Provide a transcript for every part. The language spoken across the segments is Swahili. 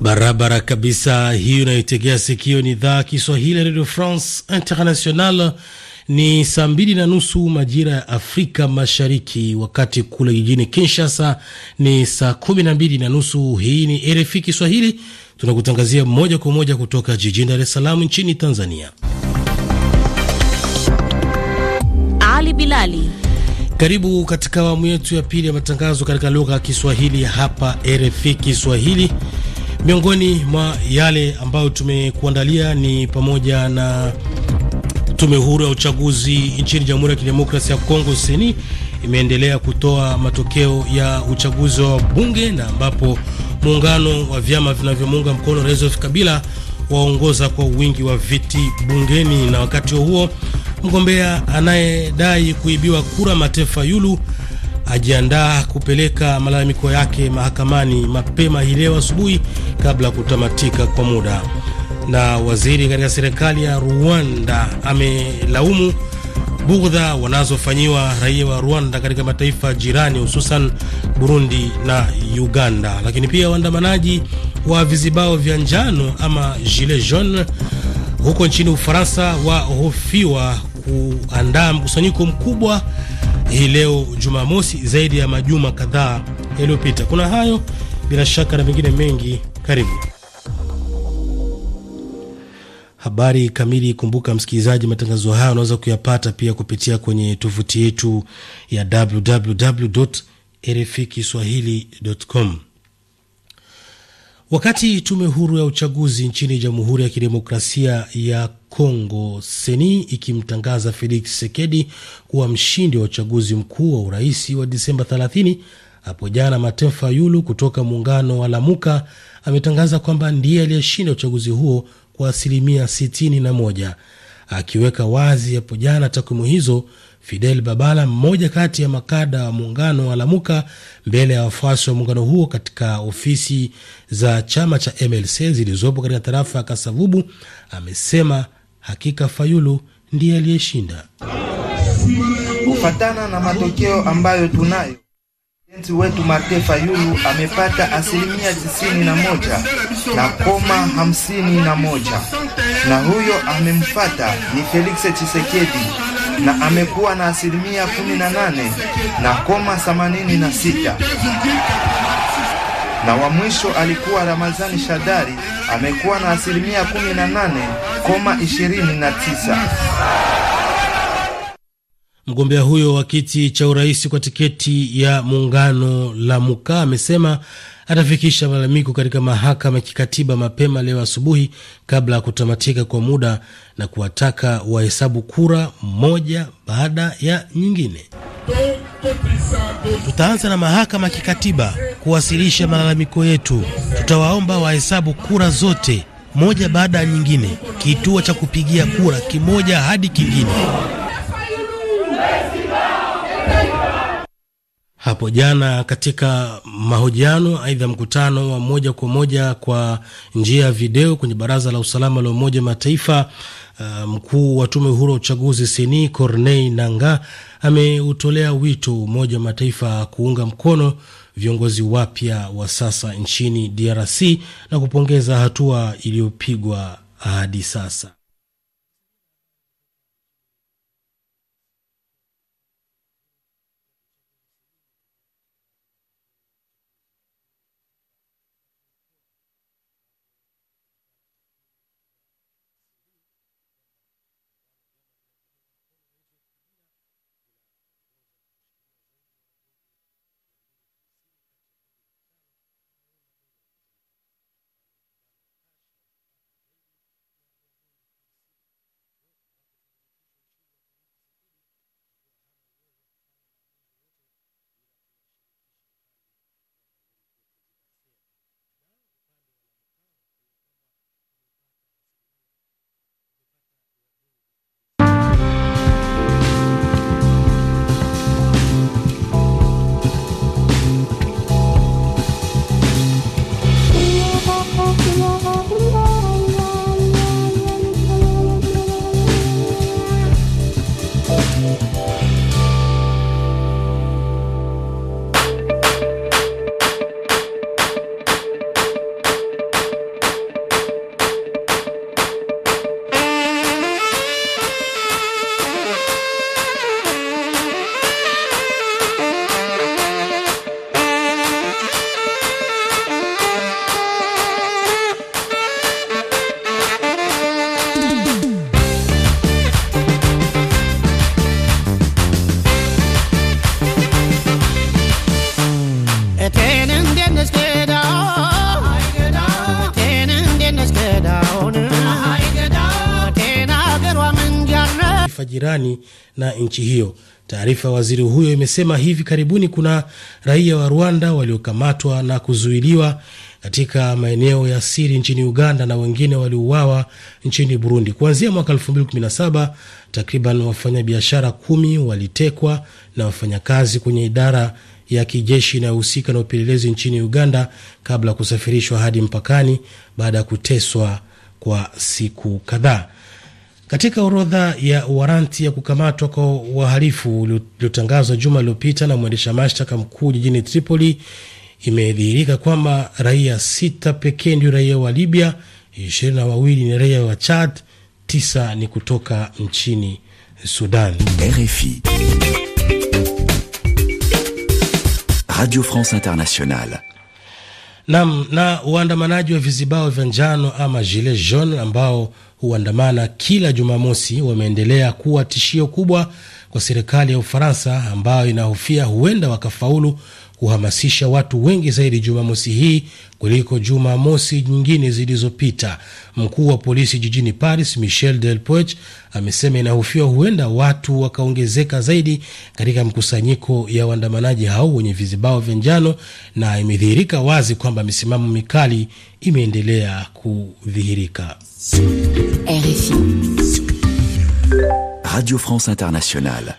Barabara kabisa, hiyo inayoitegea sikio ni idhaa Kiswahili ya Radio France International. Ni saa mbili na nusu majira ya Afrika Mashariki, wakati kule jijini Kinshasa ni saa kumi na mbili na nusu. Hii ni RFI Kiswahili, tunakutangazia moja kwa moja kutoka jijini Dar es Salaam nchini Tanzania. Ali Bilali, karibu katika awamu yetu ya pili ya matangazo katika lugha ya Kiswahili hapa RFI Kiswahili. Miongoni mwa yale ambayo tumekuandalia ni pamoja na tume huru ya uchaguzi nchini Jamhuri ya Kidemokrasia ya Kongo seni imeendelea kutoa matokeo ya uchaguzi wa bunge na ambapo muungano wa vyama vinavyomuunga mkono Rais Joseph Kabila waongoza kwa wingi wa viti bungeni. Na wakati huo mgombea anayedai kuibiwa kura Matefa Yulu ajiandaa kupeleka malalamiko yake mahakamani mapema hii leo asubuhi kabla ya kutamatika kwa muda. Na waziri katika serikali ya Rwanda amelaumu bugdha wanazofanyiwa raia wa Rwanda katika mataifa jirani hususan Burundi na Uganda. Lakini pia waandamanaji wa vizibao vya njano ama gilet jaune huko nchini Ufaransa wahofiwa kuandaa mkusanyiko mkubwa hii leo Jumamosi, zaidi ya majuma kadhaa yaliyopita. Kuna hayo bila shaka na mengine mengi, karibu habari kamili. Kumbuka msikilizaji, matangazo haya unaweza kuyapata pia kupitia kwenye tovuti yetu ya www rfi kiswahili.com. Wakati tume huru ya uchaguzi nchini Jamhuri ya Kidemokrasia ya Kongo seni ikimtangaza Felix Tshisekedi kuwa mshindi wa uchaguzi mkuu wa urais wa Disemba 30 hapo jana, Martin Fayulu kutoka muungano wa Lamuka ametangaza kwamba ndiye aliyeshinda uchaguzi huo kwa asilimia 61, akiweka wazi hapo jana takwimu hizo Fidel Babala, mmoja kati ya makada wa muungano wa Lamuka, mbele ya wafuasi wa muungano huo katika ofisi za chama cha MLC zilizopo katika tarafa ya Kasavubu, amesema hakika Fayulu ndiye aliyeshinda kufatana na matokeo ambayo tunayo mjenzi wetu Marte Fayulu amepata asilimia tisini na moja na koma hamsini na moja na huyo amemfata ni Felix Chisekedi na amekuwa na asilimia kumi na koma 86 na wa mwisho alikuwa Ramazani Shadari amekuwa na asilimia nane koma tisa. Mgombea huyo wa kiti cha urais kwa tiketi ya muungano la Mukaa amesema atafikisha malalamiko katika mahakama ya kikatiba mapema leo asubuhi kabla ya kutamatika kwa muda na kuwataka wahesabu kura moja baada ya nyingine. Tutaanza na mahakama ya kikatiba kuwasilisha malalamiko yetu. Tutawaomba wahesabu kura zote moja baada ya nyingine, kituo cha kupigia kura kimoja hadi kingine. hapo jana katika mahojiano, aidha mkutano wa moja kwa moja kwa njia ya video kwenye Baraza la Usalama la Umoja wa Mataifa, uh, mkuu wa tume huru wa uchaguzi seni corney Nanga ameutolea wito Umoja wa Mataifa kuunga mkono viongozi wapya wa sasa nchini DRC na kupongeza hatua iliyopigwa hadi sasa. mataifa jirani na nchi hiyo. Taarifa ya waziri huyo imesema hivi karibuni kuna raia wa Rwanda waliokamatwa na kuzuiliwa katika maeneo ya siri nchini Uganda na wengine waliuawa nchini Burundi. Kuanzia mwaka 2017 takriban wafanyabiashara kumi walitekwa na wafanyakazi kwenye idara ya kijeshi inayohusika na upelelezi nchini Uganda kabla ya kusafirishwa hadi mpakani baada ya kuteswa kwa siku kadhaa. Katika orodha ya waranti ya kukamatwa kwa wahalifu uliotangazwa juma iliyopita na mwendesha mashtaka mkuu jijini Tripoli imedhihirika kwamba raia sita pekee ndio raia wa Libya, ishirini na wawili ni raia wa Chad, tisa ni kutoka nchini Sudan. RFI Radio France Internationale. Nam na uandamanaji wa vizibao vya njano ama gilet jaune ambao huandamana kila Jumamosi wameendelea kuwa tishio kubwa kwa serikali ya Ufaransa ambayo inahofia huenda wakafaulu kuhamasisha watu wengi zaidi Jumamosi hii kuliko Jumamosi nyingine zilizopita. Mkuu wa polisi jijini Paris, Michel Delpoch, amesema inahofiwa huenda watu wakaongezeka zaidi katika mkusanyiko ya waandamanaji hao wenye vizibao vya njano, na imedhihirika wazi kwamba misimamo mikali imeendelea kudhihirika. Radio France Internationale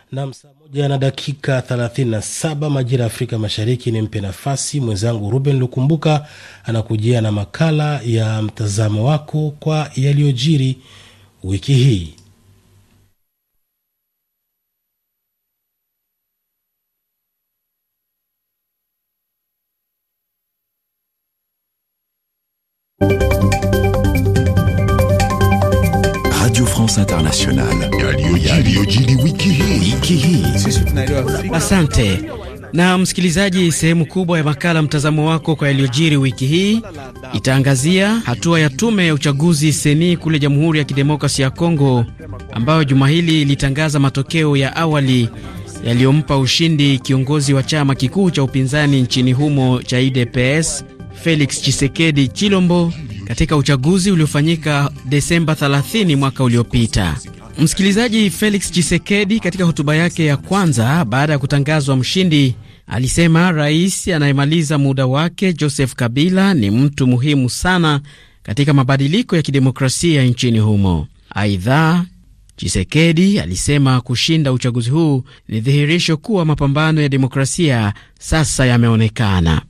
moja na dakika 37 majira ya Afrika Mashariki. Ni mpe nafasi mwenzangu Ruben Lukumbuka anakujia na makala ya mtazamo wako kwa yaliyojiri wiki hii. Conférence Internationale. Wiki Asante. Na msikilizaji, sehemu kubwa ya makala mtazamo wako kwa yaliyojiri wiki hii itaangazia hatua ya tume ya uchaguzi seni kule Jamhuri ya kidemokrasi ya Kongo ambayo juma hili ilitangaza matokeo ya awali yaliyompa ushindi kiongozi wa chama kikuu cha upinzani nchini humo cha UDPS Felix Chisekedi Chilombo katika uchaguzi uliofanyika Desemba 30 mwaka uliopita. Msikilizaji, Felix Chisekedi katika hotuba yake ya kwanza baada ya kutangazwa mshindi alisema rais anayemaliza muda wake Joseph Kabila ni mtu muhimu sana katika mabadiliko ya kidemokrasia nchini humo. Aidha, Chisekedi alisema kushinda uchaguzi huu ni dhihirisho kuwa mapambano ya demokrasia sasa yameonekana.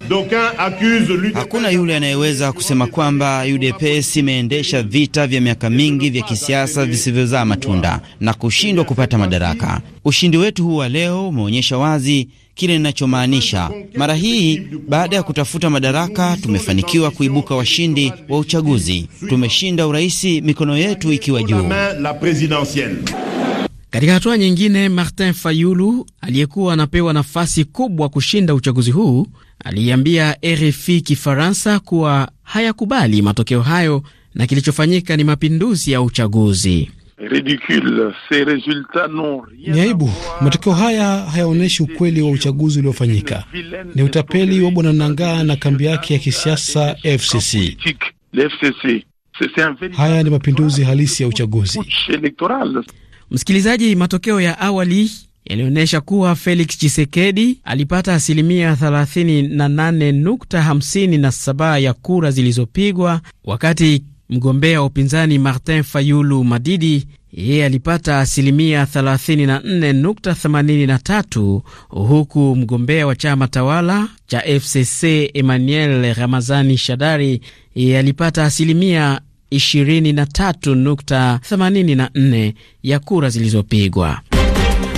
Hakuna yule anayeweza kusema kwamba UDPS imeendesha vita vya miaka mingi vya kisiasa visivyozaa matunda na kushindwa kupata madaraka. Ushindi wetu huu wa leo umeonyesha wazi kile ninachomaanisha. Mara hii baada ya kutafuta madaraka, tumefanikiwa kuibuka washindi wa uchaguzi. Tumeshinda uraisi mikono yetu ikiwa juu. Katika hatua nyingine, Martin Fayulu aliyekuwa anapewa nafasi kubwa kushinda uchaguzi huu aliiambia RFI Kifaransa kuwa hayakubali matokeo hayo na kilichofanyika ni mapinduzi ya uchaguzi. Ni aibu matokeo haya hayaonyeshi ukweli wa uchaguzi uliofanyika. Ni utapeli wa Bwana Nangaa na kambi yake ya kisiasa FCC. Haya ni mapinduzi halisi ya uchaguzi. Msikilizaji, matokeo ya awali yalionyesha kuwa Felix chisekedi alipata asilimia 38.57 ya kura zilizopigwa wakati Mgombea wa upinzani Martin Fayulu Madidi yeye alipata asilimia 34.83 huku mgombea wa chama tawala cha FCC Emmanuel Ramazani Shadari yeye alipata asilimia 23.84 ya kura zilizopigwa.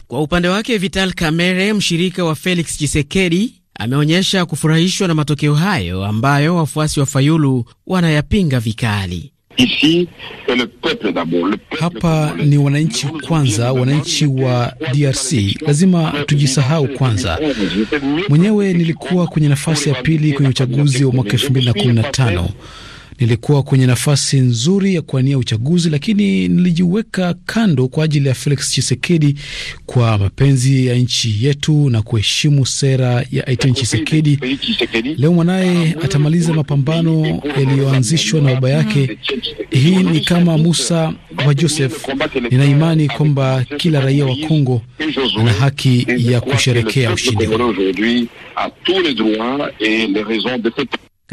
Kwa upande wake Vital Kamerhe, mshirika wa Felix chisekedi ameonyesha kufurahishwa na matokeo hayo ambayo wafuasi wa Fayulu wanayapinga vikali. Hapa ni wananchi kwanza, wananchi wa DRC lazima tujisahau kwanza. Mwenyewe nilikuwa kwenye nafasi ya pili kwenye uchaguzi wa mwaka elfu mbili na kumi na tano. Nilikuwa kwenye nafasi nzuri ya kuania uchaguzi, lakini nilijiweka kando kwa ajili ya Felix chisekedi kwa mapenzi ya nchi yetu na kuheshimu sera ya Etienne chisekedi Leo mwanaye ah, atamaliza mapambano yaliyoanzishwa na baba yake. Ah, Hii ni kama Musa wa Joseph. Nina imani kwamba kila raia wa Kongo ana haki ya kusherekea ushindi huu.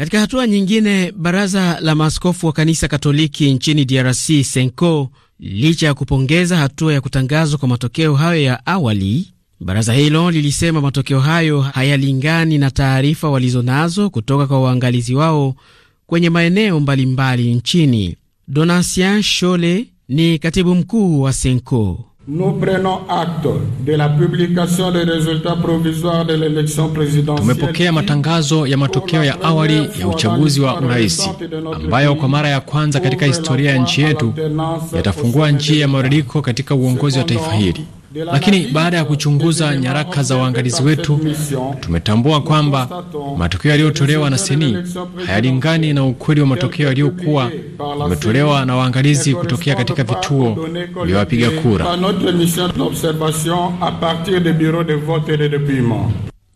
Katika hatua nyingine, baraza la maaskofu wa kanisa Katoliki nchini DRC Senko, licha ya kupongeza hatua ya kutangazwa kwa matokeo hayo ya awali, baraza hilo lilisema matokeo hayo hayalingani na taarifa walizonazo kutoka kwa waangalizi wao kwenye maeneo mbalimbali mbali nchini. Donatien Shole ni katibu mkuu wa Senko. Nous prenons acte de la publication des résultats provisoires de l'élection présidentielle. Tumepokea matangazo ya matokeo ya awali ya uchaguzi wa urais ambayo kwa mara ya kwanza katika historia ya nchi yetu yatafungua njia ya mabadiliko katika uongozi wa taifa hili. Lakini baada ya kuchunguza nyaraka za waangalizi wetu, tumetambua kwamba matokeo yaliyotolewa na seni hayalingani na ukweli wa matokeo yaliyokuwa yametolewa na waangalizi kutokea katika vituo vya wapiga kura.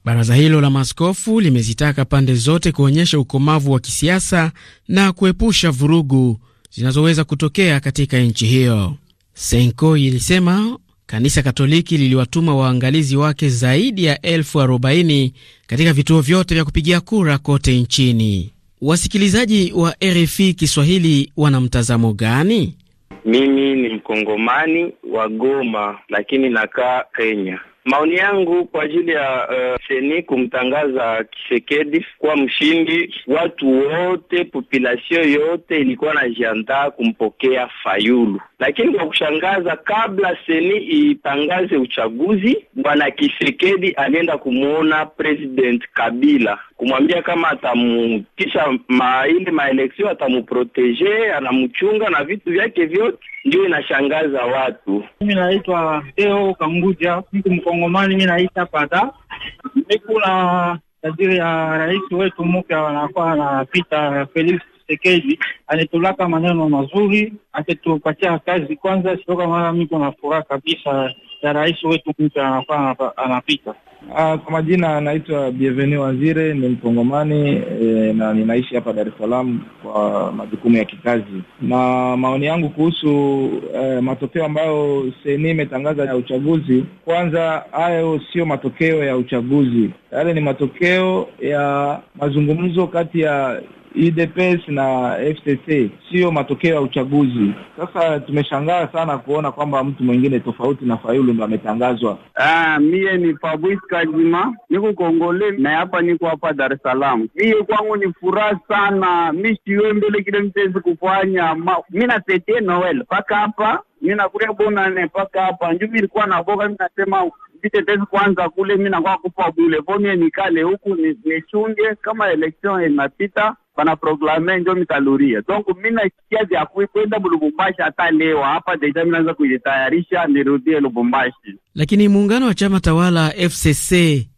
Baraza hilo la maskofu limezitaka pande zote kuonyesha ukomavu wa kisiasa na kuepusha vurugu zinazoweza kutokea katika nchi hiyo. Senko ilisema Kanisa Katoliki liliwatuma waangalizi wake zaidi ya elfu arobaini katika vituo vyote vya kupigia kura kote nchini. Wasikilizaji wa RFI Kiswahili wana mtazamo gani? Mimi ni mkongomani wa Goma, lakini nakaa Kenya. Maoni yangu kwa ajili ya uh, seni kumtangaza Kisekedi kuwa mshindi, watu wote, population yote ilikuwa najiandaa kumpokea Fayulu, lakini kwa kushangaza, kabla seni itangaze uchaguzi, bwana Kisekedi alienda kumwona President Kabila kumwambia kama atamutisha ma, ile maeleksio atamuprotege, anamchunga na vitu vyake vyote. Ndio inashangaza watu. Mimi naitwa Deo Kanguja, mtu Kongomani, mimi naita pada nikula tajiri ya rais wetu mpya anakuwa anapita Felix Tshisekedi, anitulaka maneno mazuri, akitupatia kazi kwanza, sio kama mimi, kuna furaha kabisa ya rais wetu anapita. Ah, kwa majina anaitwa Bienvenue Wazire, ni Mkongomani e, na ninaishi hapa Dar es Salaam kwa majukumu ya kikazi, na maoni yangu kuhusu e, matokeo ambayo seni imetangaza ya uchaguzi. Kwanza, hayo sio matokeo ya uchaguzi, yale ni matokeo ya mazungumzo kati ya UDPS na FCC siyo matokeo ya uchaguzi. Sasa tumeshangaa sana kuona kwamba mtu mwingine tofauti na Fayulu ndo ametangazwa. Ah, mie ni Fabrice Kajima, niko Kongole na hapa niko hapa Dar es Salaam. Mie kwangu ni furaha sana, mi siwe mbele kile mtezi kufanya mi natetie Noel mpaka hapa mi nakuria bonane mpaka hapa njuvi ilikuwa naboka, mi nasema vitetezi kwanza kule, mi nakuwa kupa bule vonye nikale huku nichunge kama election inapita wanaproklame njo mitaluria Donc mimi nasikia vya kwenda Lubumbashi hata leo hapa deja, mimi kujitayarisha nirudie Lubumbashi. Lakini muungano wa chama tawala FCC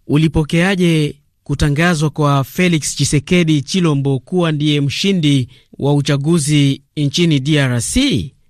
ulipokeaje kutangazwa kwa Felix Chisekedi Chilombo kuwa ndiye mshindi wa uchaguzi nchini DRC?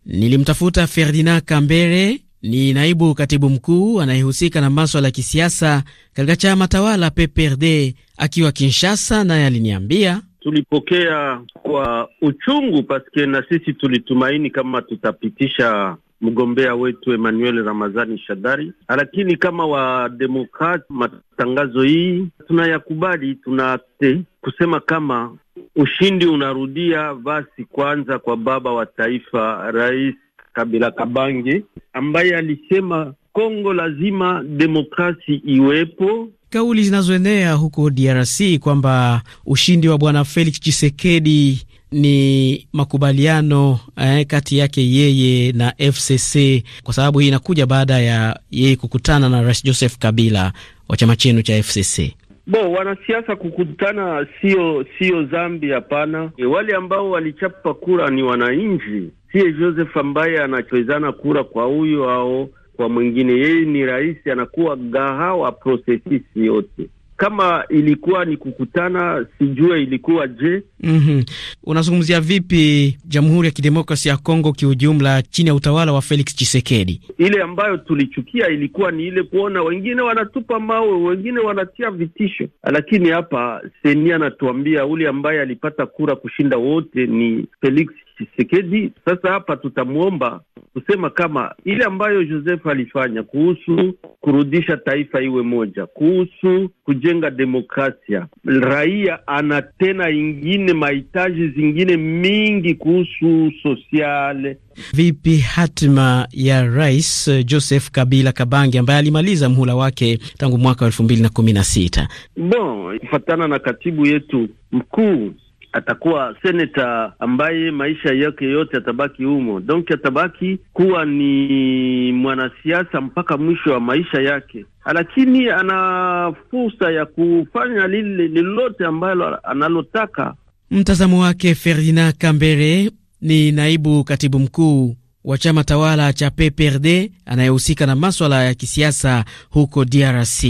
Nilimtafuta Ferdinand Kambere, ni naibu katibu mkuu anayehusika na maswala ya kisiasa katika chama tawala PPRD akiwa Kinshasa, naye aliniambia tulipokea kwa uchungu paske na sisi tulitumaini kama tutapitisha mgombea wetu Emmanuel Ramazani Shadari, lakini kama wademokrat, matangazo hii tunayakubali. Tunate kusema kama ushindi unarudia basi kwanza kwa baba wa taifa Rais Kabila Kabange ambaye alisema Kongo lazima demokrasi iwepo Kauli zinazoenea huko DRC kwamba ushindi wa bwana Felix chisekedi ni makubaliano eh, kati yake yeye na FCC, kwa sababu hii inakuja baada ya yeye kukutana na Rais Joseph Kabila wa chama chenu cha FCC. Bo, wanasiasa kukutana sio sio zambi, hapana. E, wale ambao walichapa kura ni wananchi, siye Joseph ambaye anachezana kura kwa huyo ao kwa mwingine. Yeye ni rais, anakuwa gahawa prosesisi yote kama ilikuwa ni kukutana, sijue ilikuwa je. mm -hmm. Unazungumzia vipi Jamhuri ya kidemokrasi ya Kongo kiujumla chini ya utawala wa Felix chisekedi Ile ambayo tulichukia ilikuwa ni ile kuona wengine wanatupa mawe, wengine wanatia vitisho, lakini hapa seni anatuambia ule ambaye alipata kura kushinda wote ni Felix Chisekedi. Sasa hapa tutamwomba kusema kama ile ambayo Joseph alifanya kuhusu kurudisha taifa iwe moja, kuhusu kujenga demokrasia, raia ana tena ingine mahitaji zingine mingi kuhusu sosiale. Vipi hatima ya Rais Joseph Kabila Kabange ambaye alimaliza mhula wake tangu mwaka wa elfu mbili na kumi na sita? Bon, kufatana na katibu yetu mkuu atakuwa seneta ambaye maisha yake yote atabaki humo, donc atabaki kuwa ni mwanasiasa mpaka mwisho wa maisha yake, lakini ana fursa ya kufanya lile lolote ambalo analotaka. Mtazamo wake Ferdinand Kambere ni naibu katibu mkuu wa chama tawala cha PPRD anayehusika na maswala ya kisiasa huko DRC.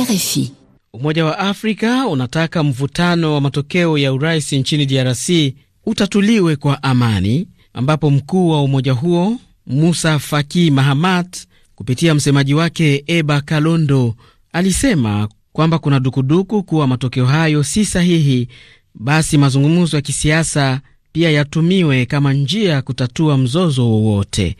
RFI Umoja wa Afrika unataka mvutano wa matokeo ya urais nchini DRC utatuliwe kwa amani, ambapo mkuu wa umoja huo Musa Faki Mahamat kupitia msemaji wake Eba Kalondo alisema kwamba kuna dukuduku kuwa matokeo hayo si sahihi, basi mazungumzo ya kisiasa pia yatumiwe kama njia ya kutatua mzozo wowote.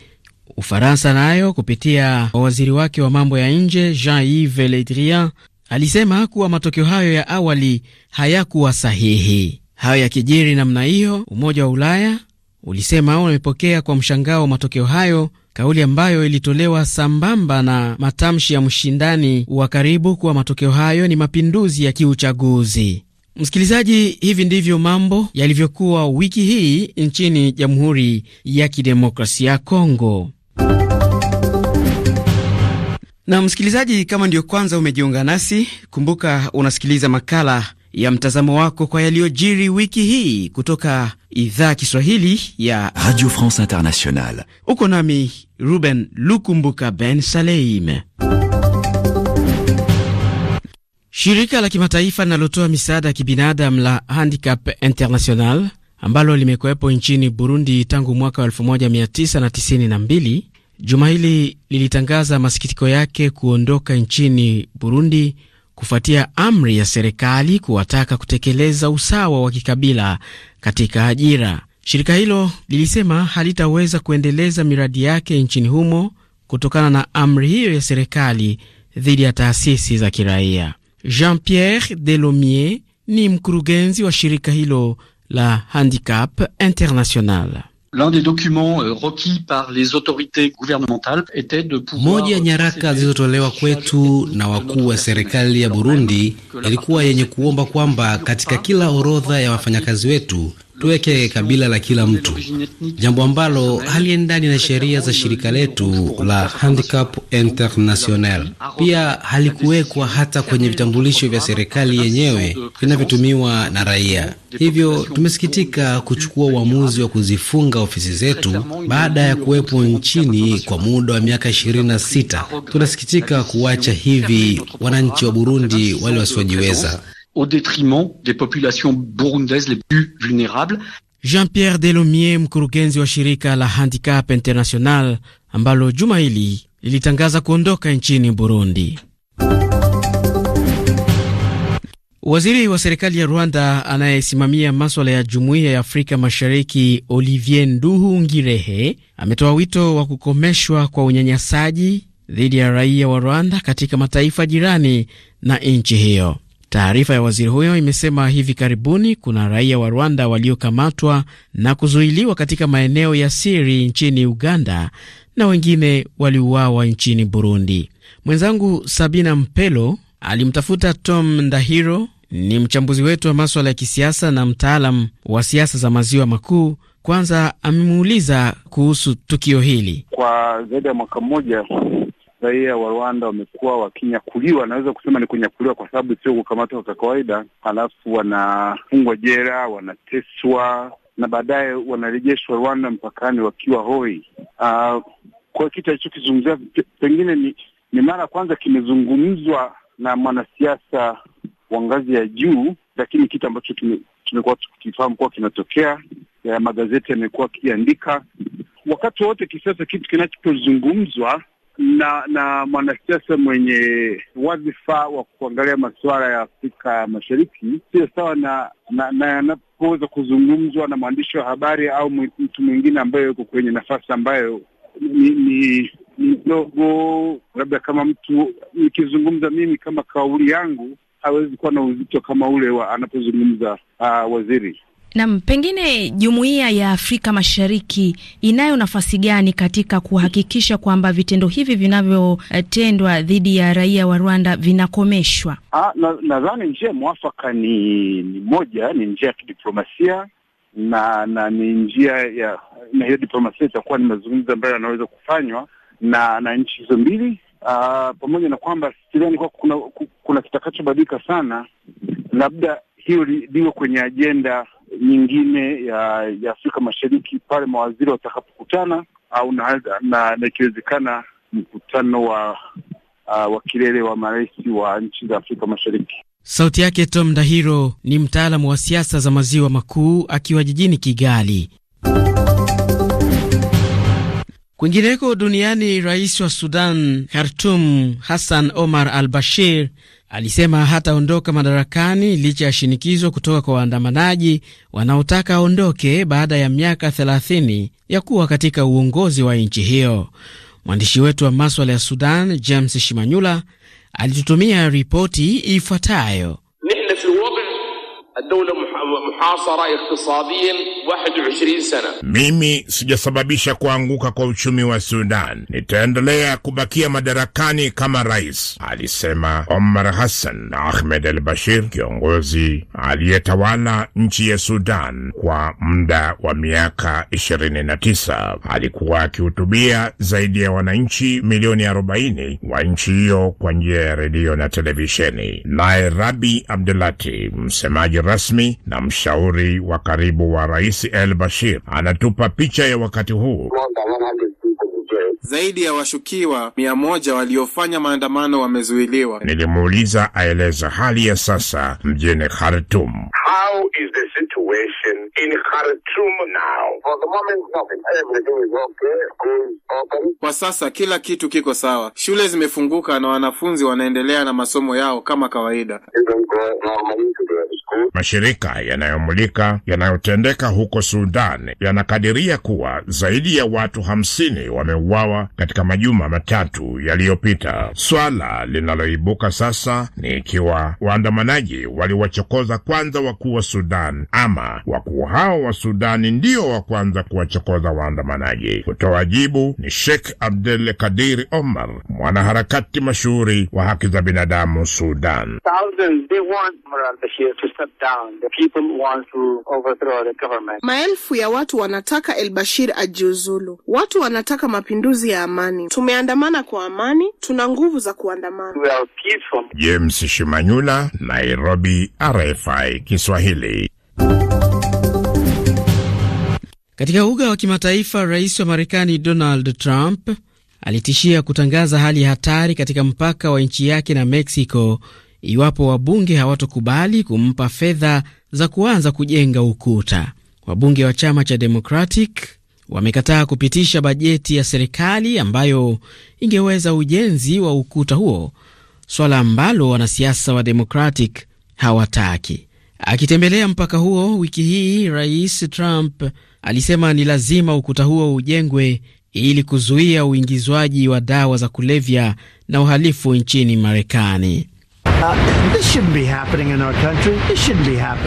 Ufaransa nayo kupitia waziri wake wa mambo ya nje Jean Yves Le Drian alisema kuwa matokeo hayo ya awali hayakuwa sahihi. Hayo yakijiri namna hiyo, Umoja wa Ulaya ulisema umepokea kwa mshangao matokeo hayo, kauli ambayo ilitolewa sambamba na matamshi ya mshindani wa karibu kuwa matokeo hayo ni mapinduzi ya kiuchaguzi. Msikilizaji, hivi ndivyo mambo yalivyokuwa wiki hii nchini Jamhuri ya Kidemokrasia ya Kongo. Na msikilizaji, kama ndiyo kwanza umejiunga nasi, kumbuka unasikiliza makala ya mtazamo wako kwa yaliyojiri wiki hii kutoka idhaa Kiswahili ya Radio France Internationale. Uko nami Ruben Lukumbuka Ben Saleim. Shirika la kimataifa linalotoa misaada ya kibinadamu la Handicap International ambalo limekuwepo nchini Burundi tangu mwaka 1992 juma hili lilitangaza masikitiko yake kuondoka nchini Burundi kufuatia amri ya serikali kuwataka kutekeleza usawa wa kikabila katika ajira. Shirika hilo lilisema halitaweza kuendeleza miradi yake nchini humo kutokana na amri hiyo ya serikali dhidi ya taasisi za kiraia. Jean Pierre Delomier ni mkurugenzi wa shirika hilo la Handicap International. L'un des documents euh, requis par les autorités gouvernementales était de pouvoir. Moja ya nyaraka zilizotolewa kwetu na wakuu wa serikali ya Burundi ilikuwa yenye kuomba kwamba katika kila orodha ya wafanyakazi wetu tuweke kabila la kila mtu, jambo ambalo haliendani na sheria za shirika letu la Handicap International. Pia halikuwekwa hata kwenye vitambulisho vya serikali yenyewe vinavyotumiwa na raia. Hivyo tumesikitika kuchukua uamuzi wa kuzifunga ofisi zetu baada ya kuwepo nchini kwa muda wa miaka 26. Tunasikitika kuwacha hivi wananchi wa Burundi wale wasiojiweza au détriment des populations burundaises les plus vulnérables. Jean-Pierre Delomier, mkurugenzi wa shirika la Handicap International ambalo juma hili lilitangaza kuondoka nchini Burundi. Waziri wa serikali ya Rwanda anayesimamia maswala ya jumuiya ya Afrika Mashariki, Olivier Nduhu Ngirehe, ametoa wito wa kukomeshwa kwa unyanyasaji dhidi ya raia wa Rwanda katika mataifa jirani na nchi hiyo. Taarifa ya waziri huyo imesema hivi karibuni kuna raia wa Rwanda waliokamatwa na kuzuiliwa katika maeneo ya siri nchini Uganda na wengine waliuawa nchini Burundi. Mwenzangu Sabina Mpelo alimtafuta Tom Ndahiro, ni mchambuzi wetu wa maswala ya kisiasa na mtaalam wa siasa za maziwa makuu. Kwanza amemuuliza kuhusu tukio hili. Kwa zaidi ya mwaka mmoja raia wa Rwanda wamekuwa wakinyakuliwa, naweza kusema ni kunyakuliwa kwa sababu sio kukamatwa kwa kawaida, halafu wanafungwa jela, wanateswa na baadaye wanarejeshwa Rwanda mpakani wakiwa hoi. Uh, kwa kitu alichokizungumzia pengine ni, ni mara ya kwanza kimezungumzwa na mwanasiasa wa ngazi ya juu, lakini kitu ambacho tumekuwa tukifahamu kuwa kinatokea, ya magazeti yamekuwa akiandika wakati wowote kisasa kitu kinachozungumzwa na na mwanasiasa mwenye wadhifa wa kuangalia masuala ya Afrika Mashariki sio sawa na anapoweza na, na, kuzungumzwa na mwandishi wa habari au mtu mwingine ambaye yuko kwenye nafasi ambayo ni, ni ndogo labda kama mtu nikizungumza mimi kama kauli yangu hawezi kuwa na uzito kama ule wa anapozungumza uh, waziri. Nam, pengine jumuiya ya Afrika Mashariki inayo nafasi gani katika kuhakikisha kwamba vitendo hivi vinavyotendwa dhidi ya raia wa Rwanda vinakomeshwa? Nadhani na njia mwafaka ni, ni moja ni njia ya kidiplomasia na na ni njia ya na hiyo diplomasia itakuwa ni mazungumzo ambayo yanaweza kufanywa na na nchi hizo mbili pamoja na kwamba sidhani kuwa kuna, kuna kitakachobadilika sana, labda hiyo liwe kwenye ajenda nyingine ya, ya Afrika Mashariki pale mawaziri watakapokutana au na, na, na ikiwezekana mkutano wa uh, wa kilele wa marais wa nchi za Afrika Mashariki. Sauti yake Tom dahiro ni mtaalamu wa siasa za maziwa makuu akiwa jijini Kigali. Kwingineko duniani, rais wa Sudan Khartum Hassan Omar al Bashir alisema hataondoka madarakani licha ya shinikizo kutoka kwa waandamanaji wanaotaka aondoke baada ya miaka 30 ya kuwa katika uongozi wa nchi hiyo. Mwandishi wetu wa maswala ya Sudan James Shimanyula alitutumia ripoti ifuatayo. Dola muhasara iqtisadiyan 21 sana. Mimi sijasababisha kuanguka kwa uchumi wa Sudan, nitaendelea kubakia madarakani kama rais, alisema Omar Hassan Ahmed al Bashir, kiongozi aliyetawala nchi ya Sudan kwa muda wa miaka 29. Alikuwa akihutubia zaidi ya wananchi milioni 40 wa nchi hiyo kwa njia ya redio na televisheni. Naye Rabi Abdulati, msemaji rasmi na mshauri wa karibu wa Rais El Bashir, anatupa picha ya wakati huu. Zaidi ya washukiwa mia moja waliofanya maandamano wamezuiliwa. Nilimuuliza aeleza hali ya sasa mjini Khartum. How is the situation in Khartum now? For the moment, Everything is okay. open. Kwa sasa kila kitu kiko sawa, shule zimefunguka na wanafunzi wanaendelea na masomo yao kama kawaida. Mashirika yanayomulika yanayotendeka huko sudan yanakadiria kuwa zaidi ya watu hamsini wameuawa katika majuma matatu yaliyopita. Swala linaloibuka sasa ni ikiwa waandamanaji waliwachokoza kwanza wakuu wa Sudan ama wakuu hao wa Sudani ndio wa kwanza kuwachokoza waandamanaji. Kutoa jibu ni Sheikh Abdel Kadir Omar, mwanaharakati mashuhuri wa haki za binadamu Sudan down. The people want to overthrow the government. Maelfu ya watu wanataka El Bashir ajiuzulu. Watu wanataka mapinduzi ya amani. Tumeandamana kwa amani, tuna nguvu za kuandamana. We are James Shimanyula, Nairobi, RFI Kiswahili. Katika uga wa kimataifa, rais wa Marekani Donald Trump alitishia kutangaza hali hatari katika mpaka wa nchi yake na Mexico iwapo wabunge hawatokubali kumpa fedha za kuanza kujenga ukuta. Wabunge wa chama cha Democratic wamekataa kupitisha bajeti ya serikali ambayo ingeweza ujenzi wa ukuta huo, swala ambalo wanasiasa wa Democratic hawataki. Akitembelea mpaka huo wiki hii, Rais Trump alisema ni lazima ukuta huo ujengwe ili kuzuia uingizwaji wa dawa za kulevya na uhalifu nchini Marekani. Uh,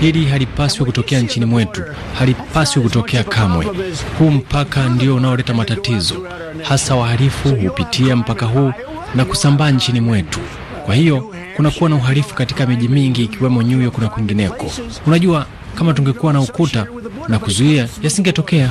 Hili halipaswi kutokea nchini mwetu, halipaswi kutokea kamwe. Huu mpaka ndio unaoleta matatizo, hasa wahalifu hupitia mpaka huu na kusambaa nchini mwetu. Kwa hiyo kunakuwa na uhalifu katika miji mingi ikiwemo New York na kwingineko. Unajua, kama tungekuwa na ukuta na kuzuia, yasingetokea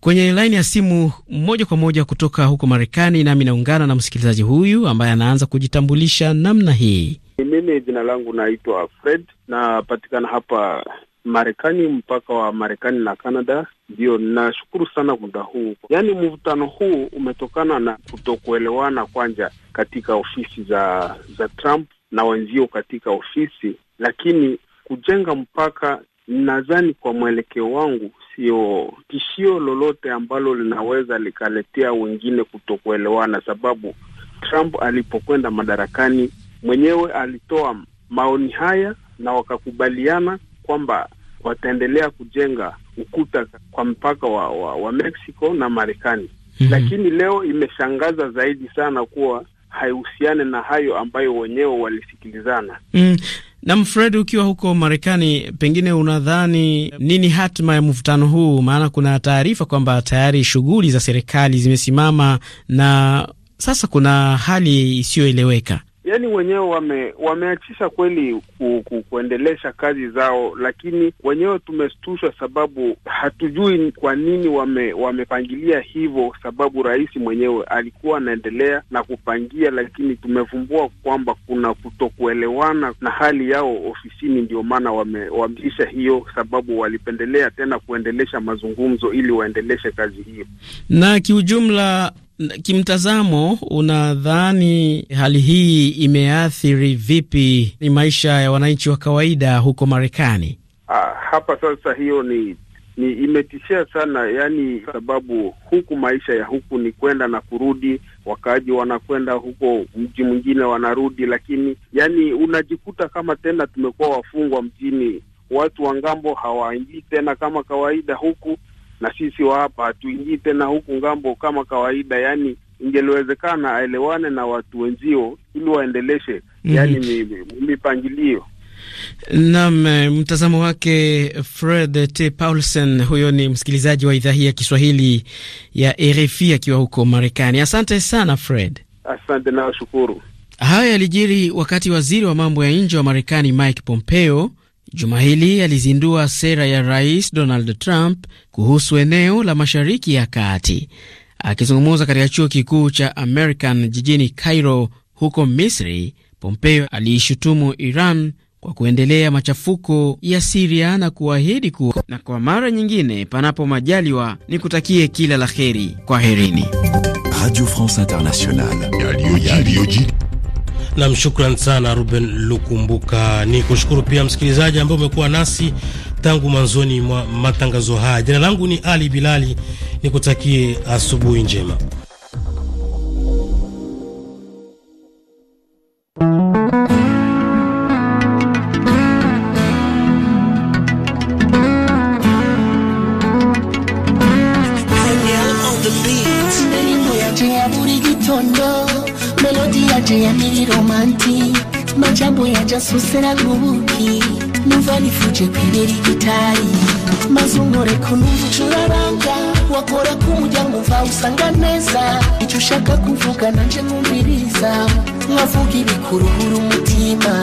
kwenye laini ya simu moja kwa moja kutoka huko Marekani, nami naungana na msikilizaji huyu ambaye anaanza kujitambulisha namna hii. Mimi jina langu naitwa Fred, napatikana hapa Marekani, mpaka wa Marekani na Canada. Ndio, nashukuru sana muda huu. Yaani, mvutano huu umetokana na kutokuelewana kwanja katika ofisi za za Trump na wenzio katika ofisi, lakini kujenga mpaka, nadhani kwa mwelekeo wangu, sio tishio lolote ambalo linaweza likaletea wengine kutokuelewana, sababu Trump alipokwenda madarakani mwenyewe alitoa maoni haya na wakakubaliana kwamba wataendelea kujenga ukuta kwa mpaka wa, wa, wa Mexico na Marekani. Mm -hmm. Lakini leo imeshangaza zaidi sana kuwa haihusiane na hayo ambayo wenyewe walisikilizana. Mm. Na Mfred, ukiwa huko Marekani, pengine unadhani nini hatima ya mvutano huu? Maana kuna taarifa kwamba tayari shughuli za serikali zimesimama na sasa kuna hali isiyoeleweka yani wenyewe wame, wameachisha kweli ku, ku, kuendelesha kazi zao, lakini wenyewe tumestushwa sababu hatujui kwa nini wame, wamepangilia hivyo, sababu rais mwenyewe alikuwa anaendelea na kupangia, lakini tumevumbua kwamba kuna kutokuelewana na hali yao ofisini, ndio maana wameamrisha hiyo, sababu walipendelea tena kuendelesha mazungumzo ili waendeleshe kazi hiyo. Na kiujumla Kimtazamo, unadhani hali hii imeathiri vipi ni maisha ya wananchi wa kawaida huko Marekani? Ah, hapa sasa hiyo ni ni imetishia sana yani, sababu huku maisha ya huku ni kwenda na kurudi, wakaaji wanakwenda huko mji mwingine wanarudi, lakini yani unajikuta kama tena tumekuwa wafungwa mjini, watu wa ngambo hawaingii tena kama kawaida huku, na sisi wa hapa hatuingii tena huku ngambo kama kawaida, yani ingeliwezekana aelewane na watu wenzio ili waendeleshe mhm. yani mipangilio Nam eh, mtazamo wake Fred T Paulsen. Huyo ni msikilizaji wa idhaa hii ya Kiswahili ya RFI akiwa huko Marekani. Asante sana Fred. Asante na shukuru. haya yalijiri wakati waziri wa mambo ya nje wa Marekani Mike Pompeo Juma hili alizindua sera ya Rais Donald Trump kuhusu eneo la Mashariki ya Kati. Akizungumza katika chuo kikuu cha American jijini Cairo huko Misri, Pompeo aliishutumu Iran kwa kuendelea machafuko ya Siria na kuahidi kuwa na kwa mara nyingine, panapo majaliwa, ni kutakie kila la heri. kwa Radio France Internationale. Nam, shukran sana Ruben Lukumbuka. Ni kushukuru pia msikilizaji ambaye umekuwa nasi tangu mwanzoni mwa matangazo haya. Jina langu ni Ali Bilali, nikutakie asubuhi njema. Ajabu ya jasuse na nubuki Numva nifuje kwibera igitari Maze unkoreko numva ucuraranga Wakora k'umuryango umva usanga neza Icyo ushaka kuvuga nanje nkumviriza Nkavuga ibikuruhura umutima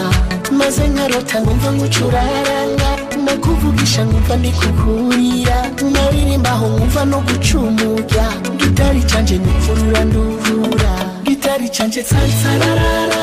Maze nkarota numva nkucuraranga Nakuvugisha numva ndikukurira Naririmba aho numva no gucumurya Gitari canje ndukurura nduvura Gitari canje tsansararara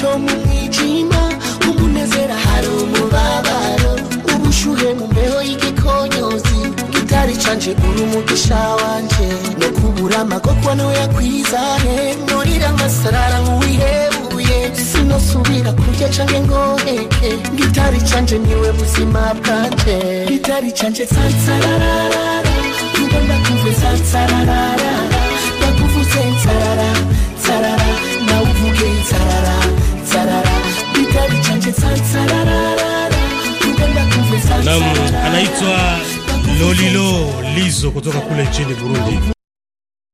comumwijima umunezera hari umubabaro ubushuhe mumbeho y'igikonyozi gitari canje uri umugisha wanje nokuburama kokuba nuyakwizane nurira masarara nuwihebuye sinosubira kurya canke ngoheke gitari canje niwe buzima bwanje gitari canje sansararara ubonda kumve sansararara Naam, anaitwa Lolilo Lizo kutoka kule nchini Burundi.